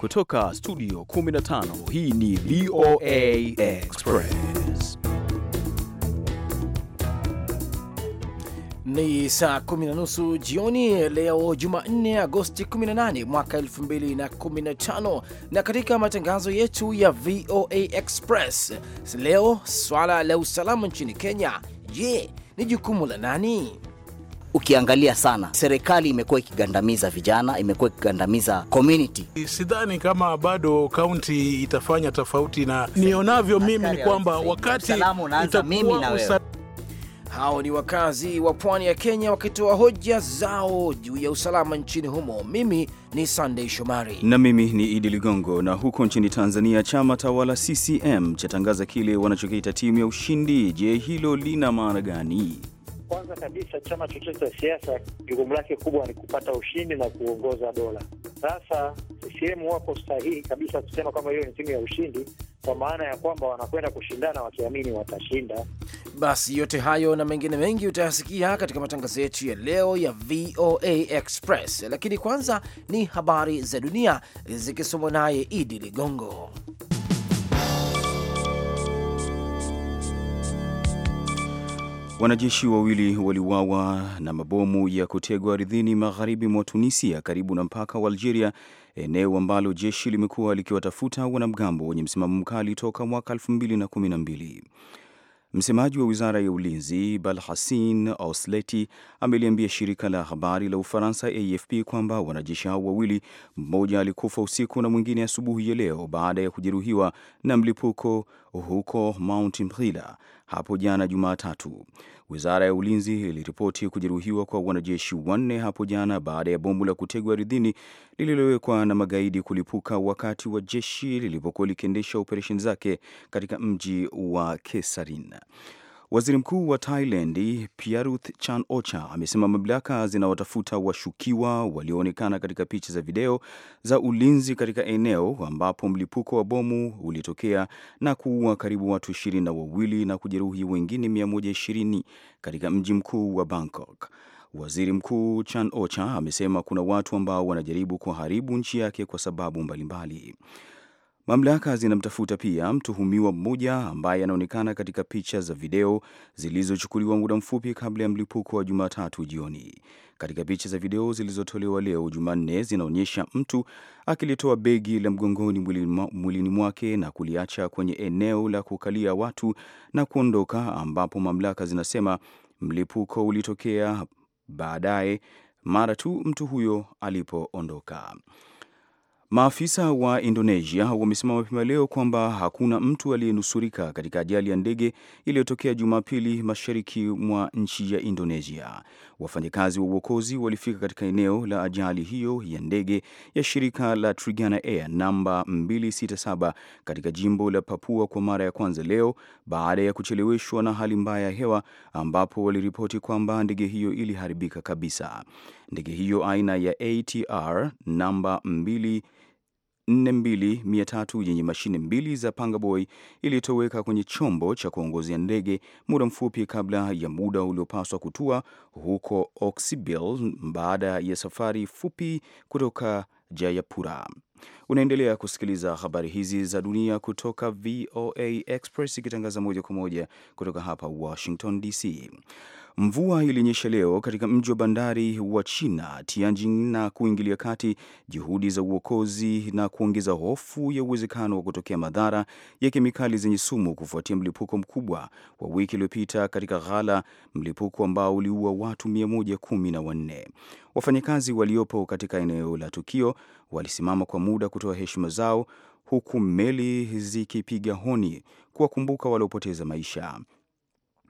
Kutoka studio 15 hii ni VOA Express. Ni saa kumi na nusu jioni leo Jumanne, Agosti 18 mwaka 2015, na katika matangazo yetu ya VOA Express leo, swala la usalama nchini Kenya, je, ni jukumu la nani? ukiangalia sana, serikali imekuwa ikigandamiza vijana, imekuwa ikigandamiza community. Sidhani kama bado kaunti itafanya tofauti, na nionavyo mimi ni kwamba wakati mimi na wewe hao ni wakazi wa pwani ya Kenya wakitoa hoja zao juu ya usalama nchini humo. Mimi ni Sunday Shomari na mimi ni Idi Ligongo. Na huko nchini Tanzania, chama tawala CCM chatangaza kile wanachokiita timu ya ushindi. Je, hilo lina maana gani? Kwanza kabisa chama chochote cha siasa jukumu lake kubwa ni kupata ushindi na kuongoza dola. Sasa CCM wako sahihi kabisa kusema kwamba hiyo ni timu ya ushindi, kwa maana ya kwamba wanakwenda kushindana wakiamini watashinda. Basi yote hayo na mengine mengi utayasikia katika matangazo yetu ya leo ya VOA Express, lakini kwanza ni habari za dunia zikisomwa naye Idi Ligongo. Wanajeshi wawili waliuawa na mabomu ya kutegwa ardhini magharibi mwa Tunisia karibu na mpaka wa Algeria, eneo ambalo jeshi limekuwa likiwatafuta wanamgambo wenye msimamo mkali toka mwaka 2012. Msemaji wa wizara ya ulinzi Balhasin Osleti ameliambia shirika la habari la Ufaransa AFP kwamba wanajeshi hao wawili, mmoja alikufa usiku na mwingine asubuhi ya leo baada ya kujeruhiwa na mlipuko huko Mount Mtila hapo jana Jumatatu. Wizara ya ulinzi iliripoti kujeruhiwa kwa wanajeshi wanne hapo jana baada ya bomu la kutegwa ardhini lililowekwa na magaidi kulipuka wakati wa jeshi lilipokuwa likiendesha operesheni zake katika mji wa Kesarin. Waziri mkuu wa Thailand Pieruth chan Ocha amesema mamlaka zinawatafuta washukiwa walioonekana katika picha za video za ulinzi katika eneo ambapo mlipuko wa bomu ulitokea na kuua karibu watu ishirini na wawili na kujeruhi wengine 120 katika mji mkuu wa Bangkok. Waziri Mkuu Chan Ocha amesema kuna watu ambao wanajaribu kuharibu nchi yake kwa sababu mbalimbali mbali. Mamlaka zinamtafuta pia mtuhumiwa mmoja ambaye anaonekana katika picha za video zilizochukuliwa muda mfupi kabla ya mlipuko wa Jumatatu jioni. Katika picha za video zilizotolewa leo Jumanne zinaonyesha mtu akilitoa begi la mgongoni mwilini mwake na kuliacha kwenye eneo la kukalia watu na kuondoka, ambapo mamlaka zinasema mlipuko ulitokea baadaye mara tu mtu huyo alipoondoka. Maafisa wa Indonesia wamesema mapema leo kwamba hakuna mtu aliyenusurika katika ajali ya ndege iliyotokea Jumapili mashariki mwa nchi ya Indonesia. Wafanyakazi wa uokozi walifika katika eneo la ajali hiyo ya ndege ya shirika la Trigana Air namba 267 katika jimbo la Papua kwa mara ya kwanza leo baada ya kucheleweshwa na hali mbaya ya hewa, ambapo waliripoti kwamba ndege hiyo iliharibika kabisa. Ndege hiyo aina ya ATR namba 2 42300 yenye mashine mbili za Pangaboy ilitoweka kwenye chombo cha kuongozea ndege muda mfupi kabla ya muda uliopaswa kutua huko oxibil baada ya safari fupi kutoka Jayapura. Unaendelea kusikiliza habari hizi za dunia kutoka VOA Express ikitangaza moja kwa moja kutoka hapa Washington DC. Mvua ilinyesha leo katika mji wa bandari wa China Tianjin na kuingilia kati juhudi za uokozi na kuongeza hofu ya uwezekano wa kutokea madhara ya kemikali zenye sumu kufuatia mlipuko mkubwa wa wiki iliyopita katika ghala, mlipuko ambao uliua watu 114. Wafanyakazi waliopo katika eneo la tukio walisimama kwa muda kutoa heshima zao huku meli zikipiga honi kuwakumbuka waliopoteza maisha.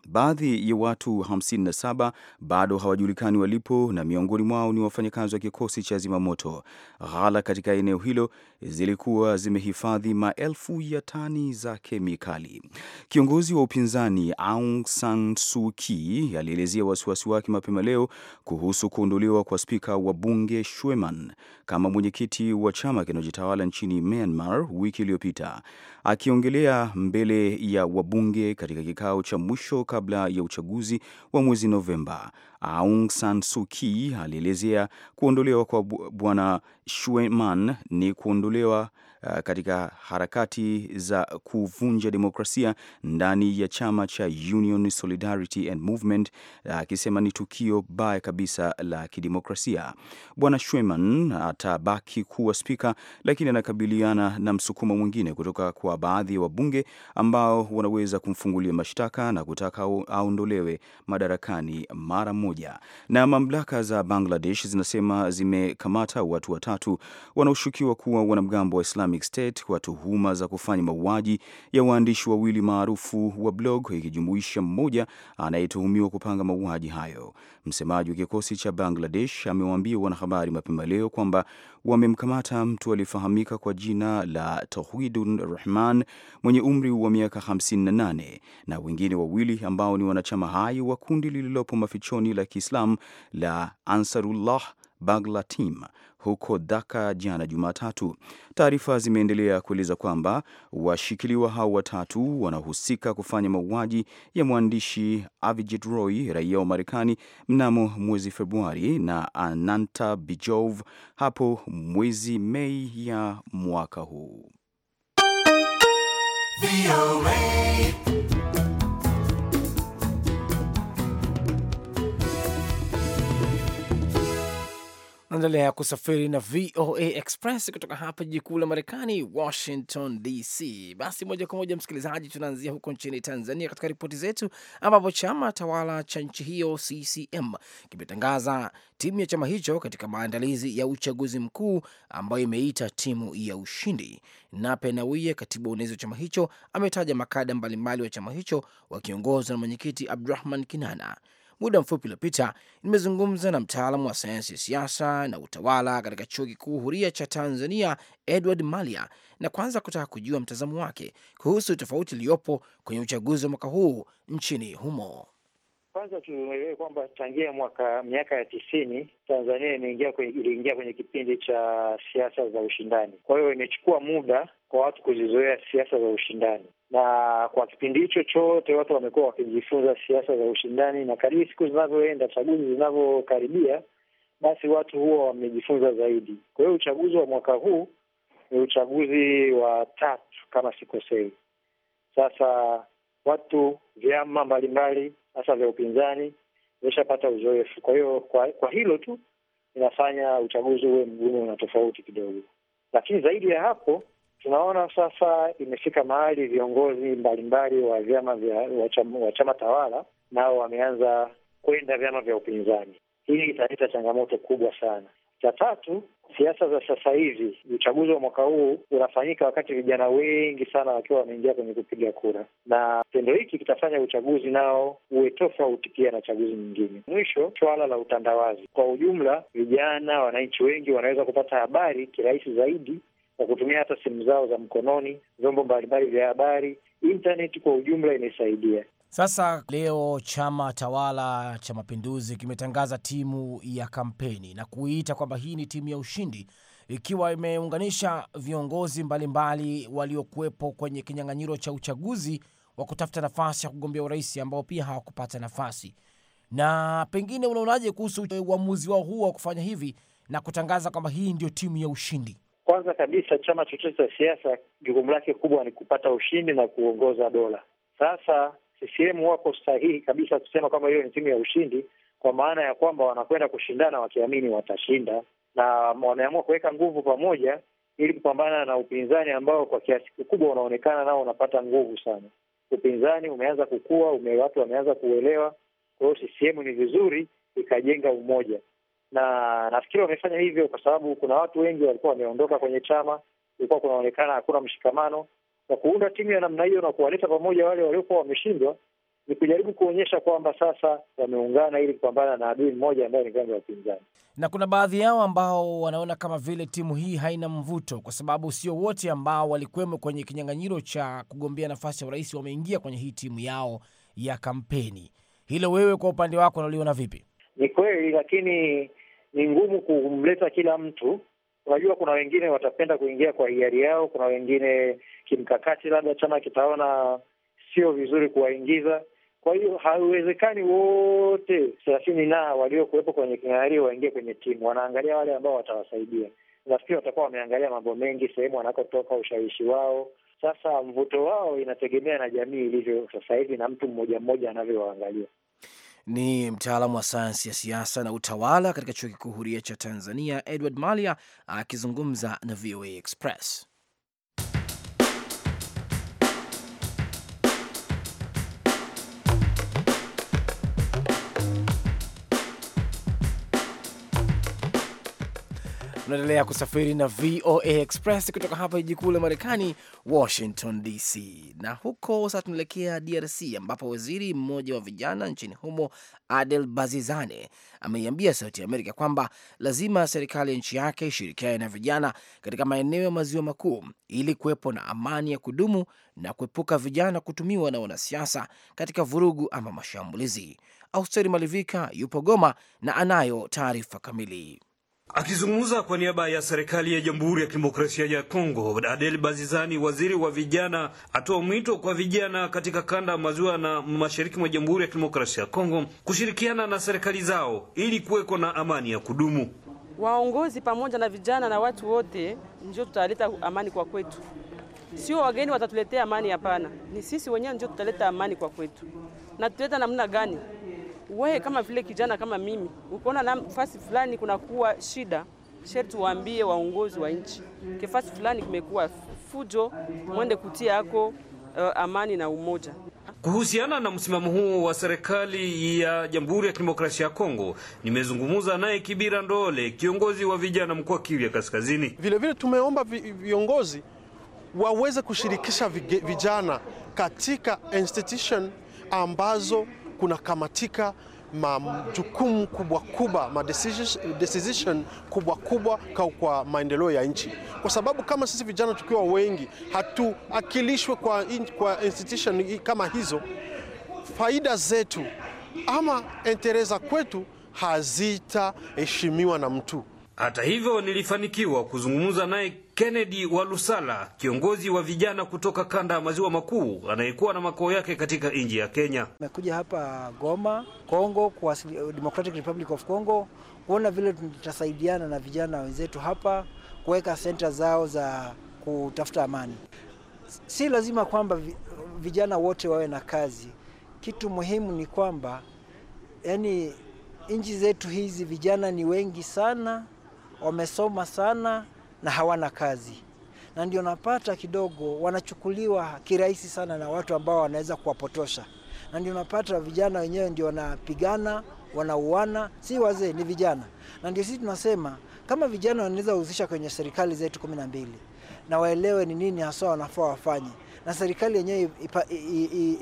Baadhi ya watu 57 bado hawajulikani walipo na miongoni mwao ni wafanyakazi wa kikosi cha zimamoto. Ghala katika eneo hilo zilikuwa zimehifadhi maelfu ya tani za kemikali. Kiongozi wa upinzani Aung San Suu Kyi alielezea wasiwasi wake mapema leo kuhusu kuondolewa kwa spika wa bunge Shweman kama mwenyekiti wa chama kinachotawala nchini Myanmar wiki iliyopita. Akiongelea mbele ya wabunge katika kikao cha mwisho kabla ya uchaguzi wa mwezi Novemba, Aung San Suu Kyi alielezea kuondolewa kwa bwana Xueman ni kuondolewa Uh, katika harakati za kuvunja demokrasia ndani ya chama cha Union Solidarity and Movement, uh, akisema ni tukio baya kabisa la kidemokrasia. Bwana Shweman atabaki kuwa spika, lakini anakabiliana na msukumo mwingine kutoka kwa baadhi ya wa wabunge ambao wanaweza kumfungulia mashtaka na kutaka aondolewe madarakani mara moja. Na mamlaka za Bangladesh zinasema zimekamata watu watatu wanaoshukiwa kuwa wanamgambo wa Islam Islamic State kwa tuhuma za kufanya mauaji ya waandishi wawili maarufu wa blog, ikijumuisha mmoja anayetuhumiwa kupanga mauaji hayo. Msemaji wa kikosi cha Bangladesh amewaambia wanahabari mapema leo kwamba wamemkamata mtu aliyefahamika kwa jina la Tohidun Rahman mwenye umri wa miaka 58 na wengine wawili ambao ni wanachama hai wa kundi lililopo mafichoni la Kiislamu la Ansarullah Bagla Team huko Dhaka jana Jumatatu. Taarifa zimeendelea kueleza kwamba washikiliwa hao watatu wanahusika kufanya mauaji ya mwandishi Avijit Roy, raia wa Marekani, mnamo mwezi Februari na Ananta Bijov hapo mwezi Mei ya mwaka huu. Naendelea kusafiri na VOA Express kutoka hapa jiji kuu la Marekani, Washington DC. Basi moja kwa moja, msikilizaji, tunaanzia huko nchini Tanzania katika ripoti zetu, ambapo chama tawala cha nchi hiyo CCM kimetangaza timu ya chama hicho katika maandalizi ya uchaguzi mkuu ambayo imeita timu ya ushindi. Nape Nnauye, katibu wa uenezi wa chama hicho, ametaja makada mbalimbali wa chama hicho wakiongozwa na mwenyekiti Abdurahman Kinana. Muda mfupi uliopita nimezungumza na mtaalamu wa sayansi ya siasa na utawala katika chuo kikuu huria cha Tanzania, Edward Malia, na kwanza kutaka kujua mtazamo wake kuhusu tofauti iliyopo kwenye uchaguzi wa mwaka huu nchini humo. Kwanza tuelewe kwamba tangia mwaka miaka ya tisini Tanzania imeingia iliingia kwenye kipindi cha siasa za ushindani. Kwa hiyo imechukua muda kwa watu kuzizoea siasa za ushindani na kwa kipindi hicho chote watu wamekuwa wakijifunza siasa za ushindani, na kadiri siku zinavyoenda, chaguzi zinavyokaribia, basi watu huwa wamejifunza zaidi. Kwa hiyo uchaguzi wa mwaka huu ni uchaguzi wa tatu kama sikosei. Sasa watu, vyama mbalimbali, hasa vya upinzani, vimeshapata uzoefu. Kwa hiyo kwa, kwa hilo tu inafanya uchaguzi uwe mgumu na tofauti kidogo, lakini zaidi ya hapo tunaona sasa imefika mahali viongozi mbalimbali wa vyama vya wa chama tawala nao wameanza kwenda vyama vya upinzani. Hii italeta changamoto kubwa sana. Cha tatu, siasa za sasa hivi, uchaguzi wa mwaka huu unafanyika wakati vijana wengi sana wakiwa wameingia kwenye kupiga kura, na kitendo hiki kitafanya uchaguzi nao uwe tofauti pia na chaguzi nyingine. Mwisho, swala la utandawazi. Kwa ujumla, vijana wananchi wengi wanaweza kupata habari kirahisi zaidi kwa kutumia hata simu zao za mkononi, vyombo mbalimbali vya habari, intaneti kwa ujumla imesaidia. Sasa leo chama tawala cha Mapinduzi kimetangaza timu ya kampeni na kuiita kwamba hii ni timu ya ushindi, ikiwa imeunganisha viongozi mbalimbali waliokuwepo kwenye kinyang'anyiro cha uchaguzi wa kutafuta nafasi ya kugombea urais ambao pia hawakupata nafasi. Na pengine unaonaje kuhusu uamuzi wao huu wa kufanya hivi na kutangaza kwamba hii ndio timu ya ushindi? Kwanza kabisa, chama chochote cha siasa jukumu lake kubwa ni kupata ushindi na kuongoza dola. Sasa CCM wako sahihi kabisa kusema kwamba hiyo ni timu ya ushindi, kwa maana ya kwamba wanakwenda kushindana wakiamini watashinda, na wameamua kuweka nguvu pamoja ili kupambana na upinzani ambao kwa kiasi kikubwa unaonekana nao unapata nguvu sana. Upinzani umeanza kukua ume, watu wameanza kuelewa. Kwa hiyo CCM ni vizuri ikajenga umoja na nafikiri wamefanya hivyo kwa sababu kuna watu wengi walikuwa wameondoka kwenye chama, kulikuwa kunaonekana hakuna mshikamano. Kwa kuunda timu ya namna hiyo na kuwaleta pamoja wale waliokuwa wameshindwa, ni kujaribu kuonyesha kwamba sasa wameungana ili kupambana na adui mmoja ambayo ni vyama vya upinzani. Na kuna baadhi yao ambao wanaona kama vile timu hii haina mvuto, kwa sababu sio wote ambao walikuwemo kwenye kinyang'anyiro cha kugombea nafasi ya urais wameingia kwenye hii timu yao ya kampeni. Hilo wewe kwa upande wako unaliona vipi? kweli, lakini ni ngumu kumleta kila mtu. Unajua, kuna wengine watapenda kuingia kwa hiari yao, kuna wengine kimkakati, labda chama kitaona sio vizuri kuwaingiza. Kwa hiyo haiwezekani wote thelathini na waliokuwepo kwenye kinyang'anyiro waingie kwenye timu. Wanaangalia wale ambao watawasaidia. Nafikiri watakuwa wameangalia mambo mengi, sehemu wanakotoka, ushawishi wao. Sasa mvuto wao inategemea na jamii ilivyo sasa hivi na mtu mmoja mmoja anavyowaangalia ni mtaalamu wa sayansi ya siasa na utawala katika chuo kikuu huria cha Tanzania, Edward Malia akizungumza na VOA Express. Unaendelea kusafiri na VOA Express kutoka hapa jiji kuu la Marekani, Washington DC. Na huko sasa tunaelekea DRC ambapo waziri mmoja wa vijana nchini humo Adel Bazizane ameiambia Sauti ya Amerika kwamba lazima serikali ya nchi yake ishirikiane na vijana katika maeneo ya maziwa makuu ili kuwepo na amani ya kudumu na kuepuka vijana kutumiwa na wanasiasa katika vurugu ama mashambulizi. Austeri Malivika yupo Goma na anayo taarifa kamili. Akizungumza kwa niaba ya serikali ya Jamhuri ya Kidemokrasia ya Kongo, Adel Bazizani, waziri wa vijana, atoa mwito kwa vijana katika kanda maziwa na mashariki mwa Jamhuri ya Kidemokrasia ya Kongo kushirikiana na serikali zao ili kuweko na amani ya kudumu. Waongozi pamoja na vijana na watu wote ndio tutaleta amani kwa kwetu, sio wageni watatuletea amani. Hapana, ni sisi wenyewe ndio tutaleta amani kwa kwetu, na tutaleta namna gani? wewe kama vile kijana kama mimi ukiona nafasi fulani kunakuwa shida, sherti waambie waongozi wa nchi, kifasi fulani kumekuwa fujo, mwende kutia yako uh, amani na umoja. Kuhusiana na msimamo huo wa serikali ya Jamhuri ya Kidemokrasia ya Kongo, nimezungumza naye Kibira Ndole, kiongozi wa vijana mkoa wa Kivu Kaskazini. Vilevile vile tumeomba viongozi waweze kushirikisha vijana katika institution ambazo kunakamatika majukumu kubwa kubwa, ma decision kubwa kubwa kwa maendeleo ya nchi, kwa sababu kama sisi vijana tukiwa wengi hatuakilishwe kwa, in, kwa institution kama hizo, faida zetu ama entereza kwetu hazitaheshimiwa na mtu. Hata hivyo, nilifanikiwa kuzungumza naye Kennedy Walusala, kiongozi wa vijana kutoka kanda ya maziwa makuu anayekuwa na makao yake katika nchi ya Kenya. Nimekuja hapa Goma, Kongo, kwa uh, Democratic Republic of Congo kuona vile tutasaidiana na vijana wenzetu hapa kuweka senta zao za kutafuta amani. Si lazima kwamba uh, vijana wote wawe na kazi. Kitu muhimu ni kwamba yani nchi zetu hizi vijana ni wengi sana, wamesoma sana na hawana kazi, na ndio napata kidogo wanachukuliwa kirahisi sana na watu ambao wanaweza kuwapotosha, na ndio napata vijana wenyewe ndio wanapigana, wanauana, si wazee, ni vijana. Na ndio sisi tunasema kama vijana wanaweza kuhusisha kwenye serikali zetu kumi na mbili na waelewe ni nini haswa wanafaa wafanye na serikali yenyewe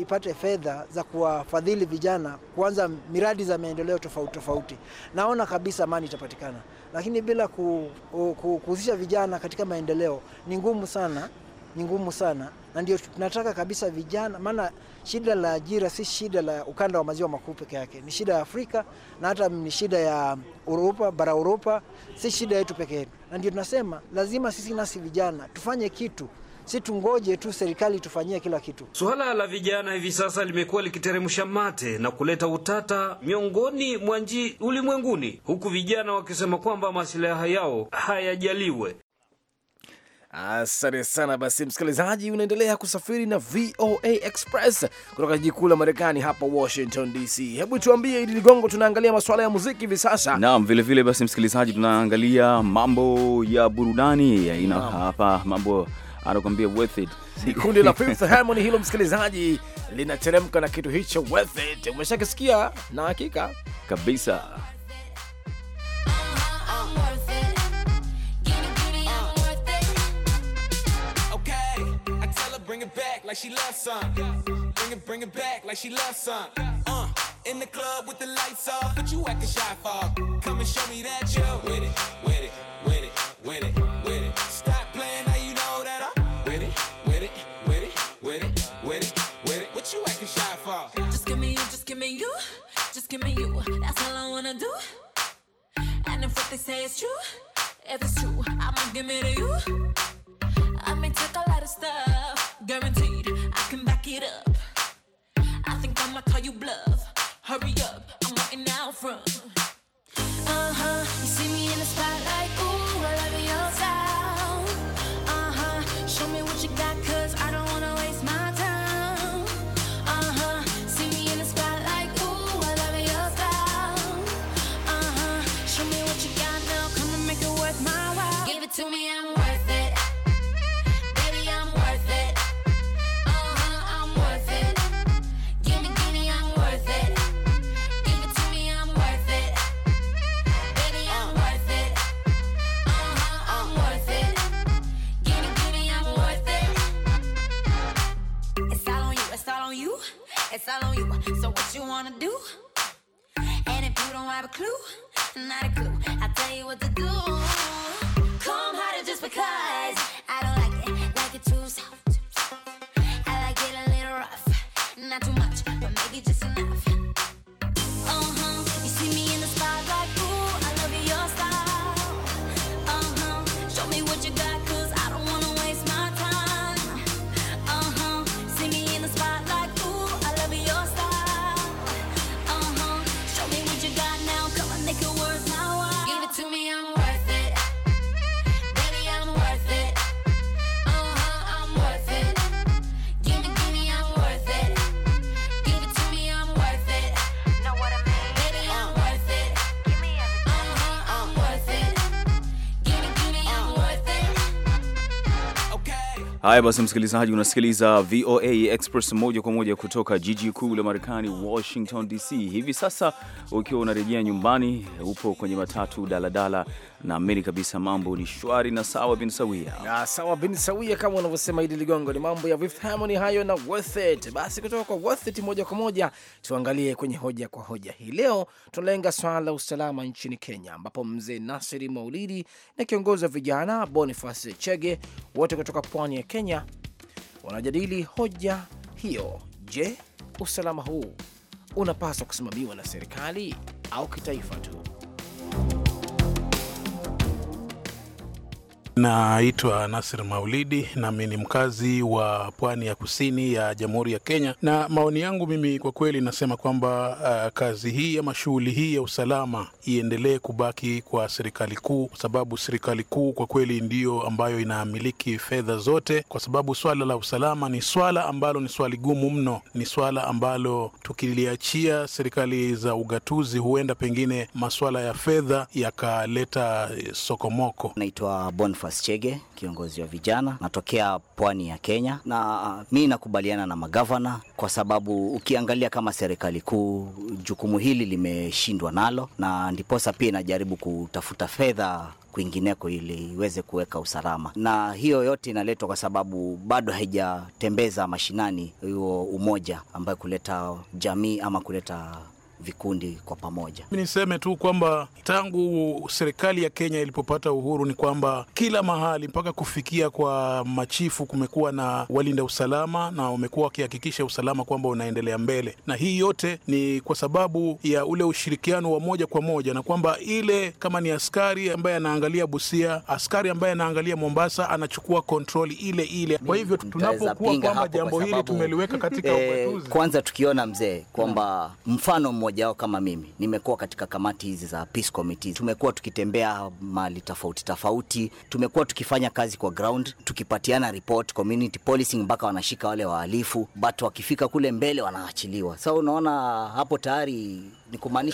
ipate fedha za kuwafadhili vijana kuanza miradi za maendeleo tofauti tofauti, naona kabisa amani itapatikana. Lakini bila kuhusisha vijana katika maendeleo ni ngumu sana, ni ngumu sana na ndio tunataka kabisa vijana, maana shida la ajira si shida la ukanda wa maziwa makuu peke yake, ni shida ya Afrika na hata ni shida ya Uropa, bara Uropa, si shida yetu peke yetu. Na ndio tunasema lazima sisi nasi vijana tufanye kitu si tungoje tu serikali tufanyie kila kitu. Suala la vijana hivi sasa limekuwa likiteremsha mate na kuleta utata miongoni mwa nchi ulimwenguni, huku vijana wakisema kwamba masilaha yao hayajaliwe. Asante sana. Basi msikilizaji, unaendelea kusafiri na VOA Express kutoka jiji kuu la Marekani hapa Washington DC. Hebu tuambie, Idi Ligongo, tunaangalia masuala ya muziki hivi sasa. Naam, vilevile basi msikilizaji, tunaangalia mambo ya burudani ina hapa mambo anakuambia worth it. Kundi la Fifth Harmony hilo, msikilizaji, linateremka na kitu hicho worth it. Umeshakisikia na hakika kabisa. Uh, in the club with the lights off, but you acting shy for. Come and show me that you're with it, with it, with it, with it. say it's true. If it's true, I'ma give it to you. I may take a lot of stuff, guaranteed. I can back it up. I think I'ma call you bluff. Hurry up, I'm waiting out front. Uh huh, you see me in the spotlight, ooh. Haya basi, msikilizaji, unasikiliza VOA Express moja kwa moja kutoka jiji kuu la Marekani, Washington DC. Hivi sasa ukiwa unarejea nyumbani, upo kwenye matatu, daladala, naamini kabisa mambo ni shwari na sawa bin sawia, na sawa bin sawia kama unavyosema Idi Ligongo, ni mambo ya Fifth Harmony hayo na worth it. Basi kutoka kwa worth it, moja kwa moja tuangalie kwenye hoja kwa hoja. Hii leo tunalenga swala la usalama nchini Kenya, ambapo mzee Nasiri Maulidi na kiongozi wa vijana Boniface Chege wote kutoka pwani ya Kenya Kenya wanajadili hoja hiyo. Je, usalama huu unapaswa kusimamiwa na serikali au kitaifa tu? Naitwa Nasir Maulidi nami ni mkazi wa pwani ya kusini ya Jamhuri ya Kenya, na maoni yangu mimi kwa kweli nasema kwamba uh, kazi hii ama shughuli hii ya usalama iendelee kubaki kwa serikali kuu, kwa sababu serikali kuu kwa kweli ndiyo ambayo inamiliki fedha zote, kwa sababu swala la usalama ni swala ambalo ni swali gumu mno, ni swala ambalo tukiliachia serikali za ugatuzi, huenda pengine maswala ya fedha yakaleta eh, sokomoko. Naitwa Bonfa Boniface Chege, kiongozi wa vijana, natokea pwani ya Kenya, na uh, mi nakubaliana na magavana kwa sababu ukiangalia kama serikali kuu jukumu hili limeshindwa nalo, na ndiposa pia inajaribu kutafuta fedha kwingineko ili iweze kuweka usalama, na hiyo yote inaletwa kwa sababu bado haijatembeza mashinani huo umoja ambayo kuleta jamii ama kuleta vikundi kwa pamoja. Niseme tu kwamba tangu serikali ya Kenya ilipopata uhuru ni kwamba kila mahali mpaka kufikia kwa machifu kumekuwa na walinda usalama na wamekuwa wakihakikisha usalama kwamba unaendelea mbele, na hii yote ni kwa sababu ya ule ushirikiano wa moja kwa moja, na kwamba ile kama ni askari ambaye anaangalia Busia, askari ambaye anaangalia Mombasa anachukua kontroli ile ile. Kwa hivyo tunapokuwa kwamba jambo kwa hili tumeliweka katika eh, kwanza tukiona mzee kwamba mfano mmoja wao kama mimi nimekuwa katika kamati hizi za peace committee. Tumekuwa tukitembea mali tofauti tofauti, tumekuwa tukifanya kazi kwa ground, tukipatiana report community policing, mpaka wanashika wale wahalifu, but wakifika kule mbele wanaachiliwa. Sasa so, unaona hapo tayari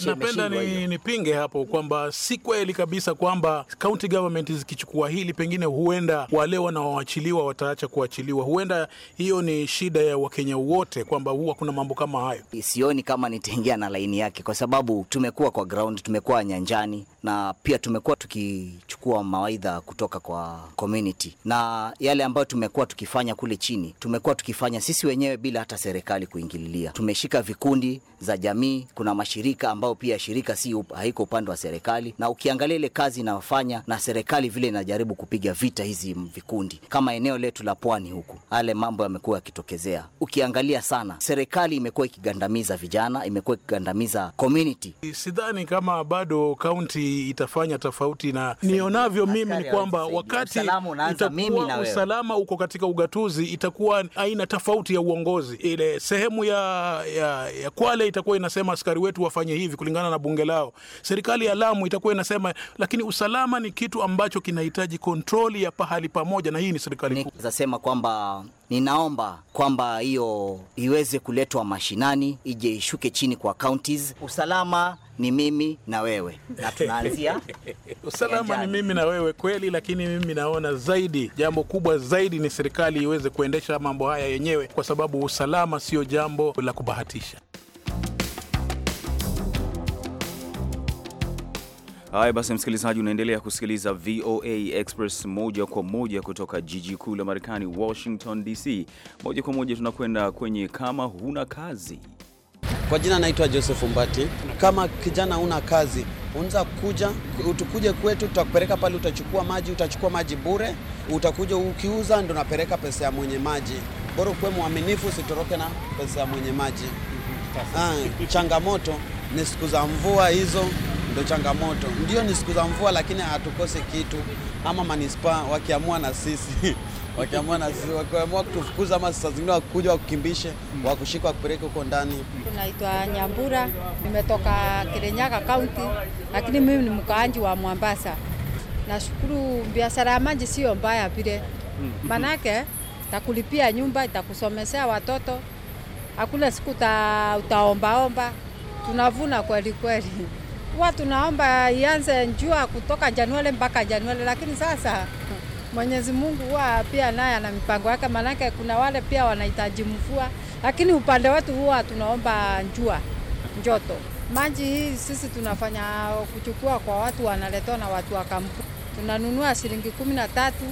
napenda ni, nipinge hapo kwamba si kweli kabisa kwamba county government zikichukua hili pengine huenda wale wanaoachiliwa wataacha kuachiliwa. Huenda hiyo ni shida ya Wakenya wote kwamba huwa kuna mambo kama hayo. Sioni kama nitaingia na laini yake, kwa sababu tumekuwa kwa ground, tumekuwa nyanjani na pia tumekuwa tukichukua mawaidha kutoka kwa community, na yale ambayo tumekuwa tukifanya kule chini tumekuwa tukifanya sisi wenyewe bila hata serikali kuingililia. Tumeshika vikundi za jamii, kuna mashiri shirika ambao pia shirika si up, haiko upande wa serikali, na ukiangalia ile kazi inayofanya na serikali vile inajaribu kupiga vita hizi vikundi, kama eneo letu la pwani huku, ale mambo yamekuwa yakitokezea. Ukiangalia sana, serikali imekuwa ikigandamiza vijana, imekuwa ikigandamiza community. Sidhani kama bado kaunti itafanya tofauti, na nionavyo mimi ni kwamba wakati itakuwa usalama uko katika ugatuzi, itakuwa aina tofauti ya uongozi. Ile sehemu ya, ya, ya Kwale itakuwa inasema askari wetu wa wafanye hivi kulingana na bunge lao. Serikali ya Lamu itakuwa inasema, lakini usalama ni kitu ambacho kinahitaji kontroli ya pahali pamoja, na hii ni serikali kuu. kwamba ninaomba kwamba hiyo iweze kuletwa mashinani, ije ishuke chini kwa counties. Usalama ni mimi na wewe, na tunaanzia usalama ni mimi na wewe kweli, lakini mimi naona zaidi, jambo kubwa zaidi ni serikali iweze kuendesha mambo haya yenyewe, kwa sababu usalama sio jambo la kubahatisha. Haya basi, msikilizaji, unaendelea kusikiliza VOA Express moja kwa moja kutoka jiji kuu la Marekani, Washington DC. Moja kwa moja tunakwenda kwenye kama huna kazi. Kwa jina naitwa Joseph Mbati. Kama kijana huna kazi, unza kuja utukuje kwetu, tutakupeleka pale, utachukua maji, utachukua maji bure, utakuja ukiuza, ndo napeleka pesa ya mwenye maji. Bora ukuwe mwaminifu, usitoroke na pesa ya mwenye maji. Ha, mm-hmm. ah, changamoto ni siku za mvua hizo ndio changamoto. Ndio ni siku za mvua, lakini hatukose kitu, ama manispaa wakiamua na sisi wakiamua na sisi wakiamua kutufukuza, ama saa zingine wakuja wakukimbishe, wakushika wakupeleke huko ndani. Naitwa Nyambura, nimetoka Kirinyaga kaunti lakini mimi ni mkaanji wa Mwambasa. Nashukuru biashara ya maji sio mbaya vile, hmm. manake takulipia nyumba, itakusomesea watoto, hakuna siku utaombaomba. Tunavuna kweli kweli. Huwa tunaomba ianze njua kutoka Januari mpaka Januari, lakini sasa Mwenyezi Mungu huwa pia naye ana mipango yake, maanake kuna wale pia wanahitaji mvua, lakini upande wetu huwa tunaomba njua njoto. Maji hii sisi tunafanya kuchukua kwa watu, wanaletwa na watu wa kampuni, tunanunua shilingi kumi na tatu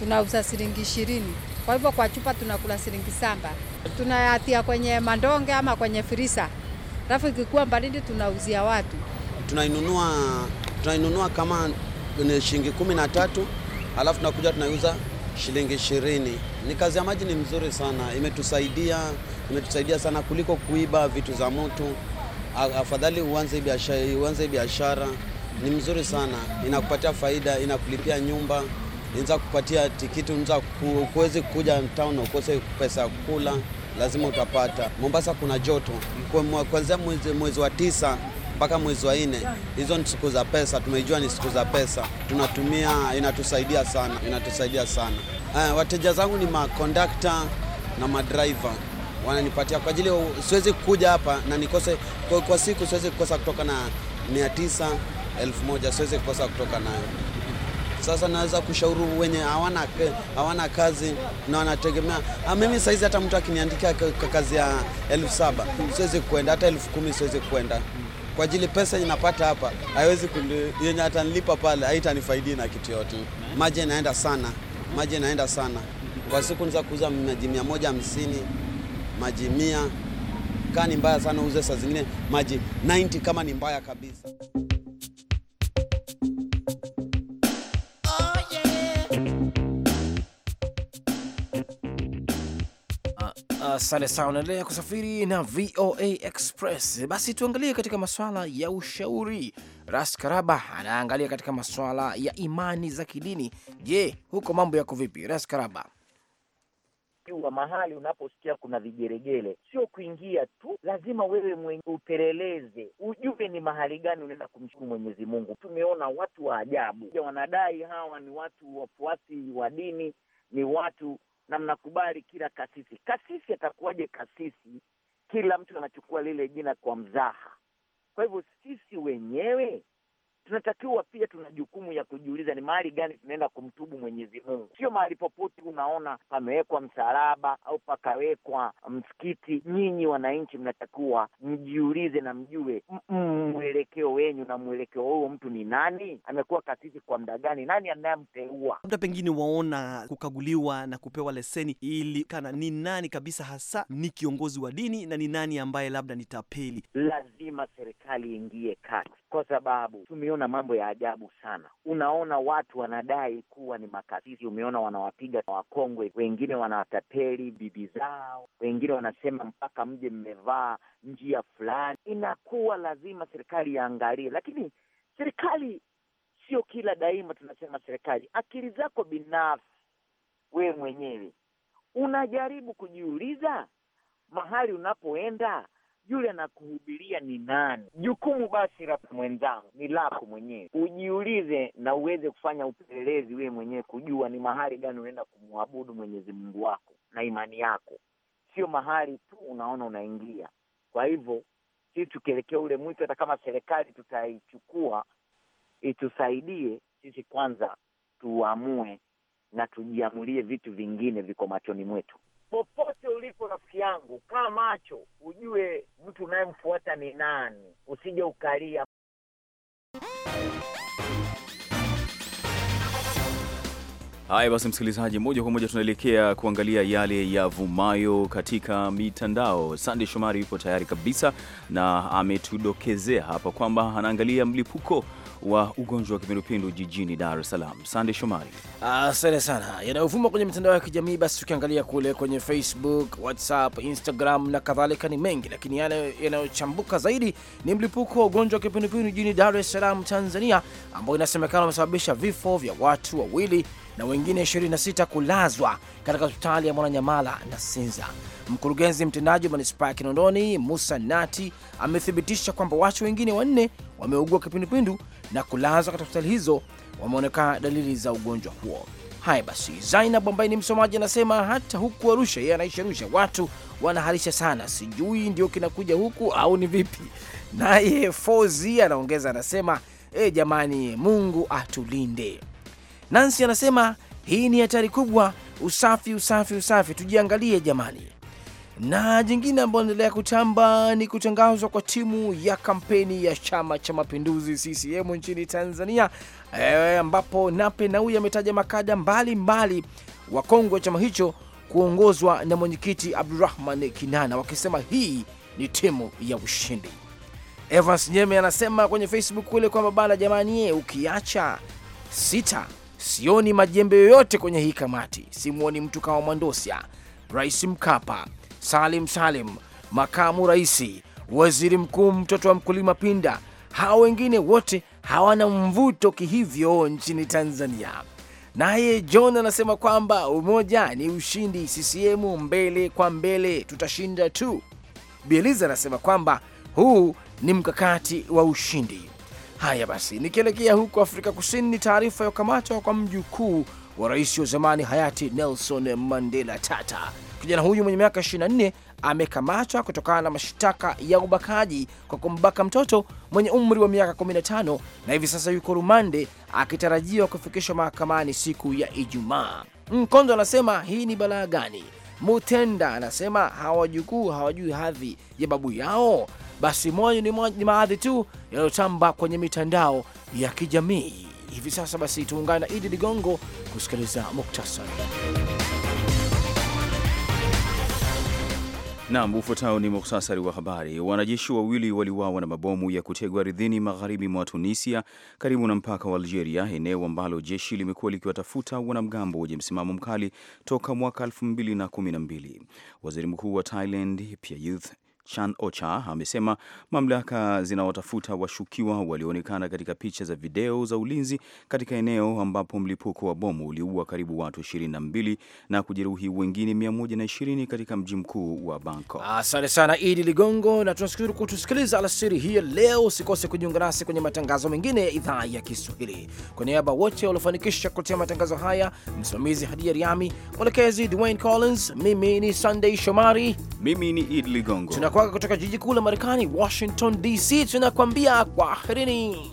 tunauza shilingi ishirini. Kwa hivyo kwa chupa tunakula shilingi samba, tunayatia kwenye mandonge ama kwenye firisa, alafu ikikuwa baridi tunauzia watu tunainunua tunainunua kama ni shilingi kumi na tatu alafu tunakuja tunaiuza shilingi ishirini. Ni kazi ya maji, ni mzuri sana, imetusaidia imetusaidia sana kuliko kuiba vitu za mtu. Afadhali uanze biashara, uanze biashara ni mzuri sana, inakupatia faida, inakulipia nyumba, inza kupatia tikiti, unaweza kuwezi kuja town ukose pesa ya kula, lazima utapata. Mombasa kuna joto kuanzia mwezi, mwezi wa tisa mpaka mwezi wa nne. Hizo ni siku za pesa, tumejua ni siku za pesa, tunatumia inatusaidia sana, inatusaidia sana. Uh, wateja zangu ni makondakta na madriver wananipatia kwa ajili, siwezi kuja hapa na nikose kwa, kwa siku siwezi kukosa kutoka na mia tisa elfu moja siwezi kukosa kutoka nayo. Sasa naweza kushauri wenye hawana hawana kazi na wanategemea ah, mimi. Saizi hata mtu akiniandikia kazi ya elfu saba siwezi kuenda, hata elfu kumi siwezi kuenda kwa ajili pesa inapata hapa haiwezi yenye atanilipa pale haitanifaidi na kitu yote. Maji inaenda sana, maji inaenda sana kwa siku niza kuuza maji mia moja hamsini maji mia kani mbaya sana, uze saa zingine maji 90 kama ni mbaya kabisa. Asante uh, sana. Unaendelea kusafiri na VOA Express. Basi tuangalie katika maswala ya ushauri. Ras Karaba anaangalia katika maswala ya imani za kidini. Je, huko mambo yako vipi, Ras Karaba? wa mahali unaposikia kuna vigeregele, sio kuingia tu, lazima wewe mwenye upeleleze, ujue ni mahali gani unaenda kumshukuru Mwenyezi Mungu. Tumeona watu wa ajabu wanadai hawa ni watu wafuasi wa dini, ni watu na mnakubali kila kasisi. Kasisi atakuwaje kasisi? Kila mtu anachukua lile jina kwa mzaha. Kwa hivyo sisi wenyewe tunatakiwa pia, tuna jukumu ya kujiuliza ni mahali gani tunaenda kumtubu Mwenyezi Mungu. Sio mahali popote unaona pamewekwa msalaba au pakawekwa msikiti. Nyinyi wananchi, mnatakiwa mjiulize na mjue mwelekeo wenyu, na mwelekeo huo mtu ni nani, amekuwa kasisi kwa muda gani, nani anayemteua, labda pengine waona kukaguliwa na kupewa leseni ili kana ni nani kabisa hasa ni kiongozi wa dini na ni nani ambaye labda ni tapeli. Lazima serikali iingie kati, kwa sababu tumeona unaona mambo ya ajabu sana. Unaona watu wanadai kuwa ni makasisi, umeona wanawapiga wakongwe, wengine wanawatapeli bibi zao, wengine wanasema mpaka mje mmevaa njia fulani. Inakuwa lazima serikali iangalie, lakini serikali sio kila daima tunasema serikali. Akili zako binafsi wewe mwenyewe unajaribu kujiuliza mahali unapoenda yule anakuhubiria ni nani. Jukumu basi la mwenzangu ni lako mwenyewe, ujiulize na uweze kufanya upelelezi wewe mwenyewe kujua ni mahali gani unaenda kumwabudu Mwenyezi Mungu wako na imani yako, sio mahali tu unaona unaingia. Kwa hivyo sisi tukielekea ule mwito, hata kama serikali tutaichukua itusaidie sisi, kwanza tuamue na tujiamulie vitu vingine viko machoni mwetu. Popote ulipo rafiki yangu, kaa macho, ujue mtu unayemfuata ni nani, usije ukalia. Haya basi, msikilizaji, moja kwa moja tunaelekea kuangalia yale ya vumayo katika mitandao. Sande Shomari yupo tayari kabisa na ametudokezea hapa kwamba anaangalia mlipuko wa ugonjwa wa kipindupindu jijini Dar es Salaam. Sande Shomari, asante sana. Yanayovuma kwenye mitandao ya kijamii, basi tukiangalia kule kwenye Facebook, WhatsApp, Instagram na kadhalika ni mengi, lakini yale yanayochambuka zaidi ni mlipuko wa ugonjwa wa kipindupindu jijini Dar es Salaam, Tanzania, ambao inasemekana umesababisha vifo vya watu wawili na wengine 26 kulazwa katika hospitali ya Mwananyamala na Sinza. Mkurugenzi mtendaji wa manispaa ya Kinondoni Musa Nati amethibitisha kwamba watu wengine wanne wameugua kipindupindu na kulazwa katika hospitali hizo wameonekana dalili za ugonjwa huo. Haya basi, Zainab ambaye ni msomaji anasema hata huku Arusha, yeye anaishi Arusha, watu wanaharisha sana, sijui ndio kinakuja huku au ni vipi. Naye Fozi anaongeza anasema e, jamani, Mungu atulinde. Nancy anasema hii ni hatari kubwa, usafi, usafi, usafi, tujiangalie jamani. Na jingine ambayo inaendelea kutamba ni kutangazwa kwa timu ya kampeni ya Chama cha Mapinduzi CCM nchini Tanzania, e, ambapo Nape Nnauye ametaja makada mbalimbali wakongwe wa chama hicho kuongozwa na mwenyekiti Abdurahman Kinana, wakisema hii ni timu ya ushindi. Evans Nyeme anasema kwenye Facebook kule kwamba bana, jamani ye, eh, ukiacha sita sioni majembe yoyote kwenye hii kamati, simwoni mtu kama Mwandosia, Rais Mkapa Salim Salim, makamu raisi, waziri mkuu mtoto wa mkulima Pinda, hao wengine wote hawana mvuto kihivyo nchini Tanzania. Naye John anasema kwamba umoja ni ushindi, CCM mbele kwa mbele, tutashinda tu. Bieliza anasema kwamba huu ni mkakati wa ushindi. Haya basi, nikielekea huko Afrika Kusini, ni taarifa ya kukamatwa kwa mjukuu wa rais wa zamani hayati Nelson Mandela Tata. Kijana huyu mwenye miaka 24 amekamatwa kutokana na mashtaka ya ubakaji kwa kumbaka mtoto mwenye umri wa miaka 15 na hivi sasa yuko rumande akitarajiwa kufikishwa mahakamani siku ya Ijumaa. Mkondo anasema hii ni balaa gani? Mutenda anasema hawajukuu hawajui hadhi ya babu yao. Basi moyo ni, ni maadhi tu yanayotamba kwenye mitandao ya kijamii hivi sasa. Basi tuungane na Idi Ligongo kusikiliza muktasari. Nam, ufuatao ni muhtasari wa habari. Wanajeshi wawili waliuawa na mabomu ya kutegwa ardhini magharibi mwa Tunisia, karibu na mpaka wa Algeria, eneo ambalo jeshi limekuwa likiwatafuta wanamgambo wenye msimamo mkali toka mwaka 2012. Waziri Mkuu wa Thailand Prayuth Chan Ocha amesema mamlaka zinawatafuta washukiwa walioonekana katika picha za video za ulinzi katika eneo ambapo mlipuko wa bomu uliua karibu watu 22 na kujeruhi wengine 120 katika mji mkuu wa Bangkok. Asante sana Idi Ligongo, na tunashukuru kutusikiliza alasiri hii leo. Usikose kujiunga nasi kwenye matangazo mengine ya idhaa ya Kiswahili. Kwa niaba wote waliofanikisha kutia matangazo haya, msimamizi Hadia Riami, mwelekezi Dwayne Collins, mimi ni Sunday Shomari, mimi ni Idi Ligongo kwako kutoka jiji kuu la Marekani, Washington DC. Tunakuambia kwaherini.